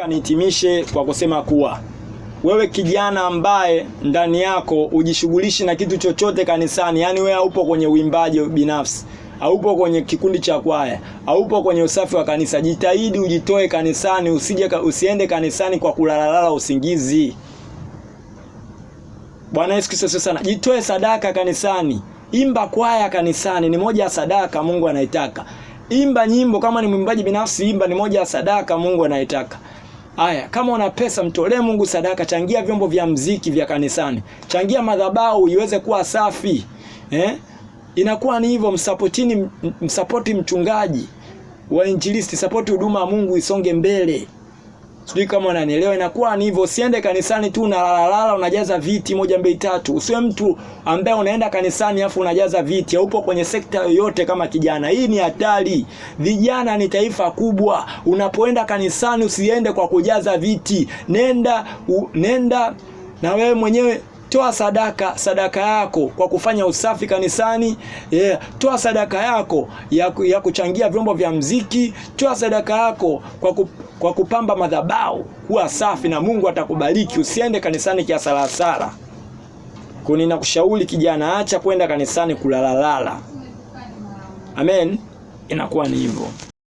Nataka nihitimishe kwa kusema kuwa wewe kijana ambaye ndani yako ujishughulishi na kitu chochote kanisani, yaani wewe haupo kwenye uimbaji binafsi, haupo kwenye kikundi cha kwaya, haupo kwenye usafi wa kanisa, jitahidi ujitoe kanisani. Usije, usiende kanisani kwa kulalalala usingizi. Bwana Yesu Kristo sana, jitoe sadaka kanisani, imba kwaya kanisani, ni moja ya sadaka Mungu anaitaka. Imba nyimbo kama ni mwimbaji binafsi, imba, ni moja ya sadaka Mungu anaitaka. Haya, kama una pesa mtolee Mungu sadaka, changia vyombo vya mziki vya kanisani, changia madhabahu iweze kuwa safi eh? Inakuwa ni hivyo, msapotini, msapoti mchungaji, wa injilisti, sapoti huduma ya Mungu isonge mbele. Sijui kama unanielewa, inakuwa ni hivyo. Usiende kanisani tu unalalala, unajaza viti moja mbili tatu. Usiwe mtu ambaye unaenda kanisani afu unajaza viti, haupo kwenye sekta yoyote kama kijana. Hii ni hatari. Vijana ni taifa kubwa. Unapoenda kanisani usiende kwa kujaza viti. Nenda u, nenda na wewe mwenyewe Toa sadaka sadaka yako kwa kufanya usafi kanisani, yeah. Toa sadaka yako ya, ya kuchangia vyombo vya mziki. Toa sadaka yako kwa ku, kwa kupamba madhabahu huwa safi na Mungu atakubariki. Usiende kanisani kuni na kushauri kijana, acha kwenda kanisani kulalalala. Amen, inakuwa ni hivyo.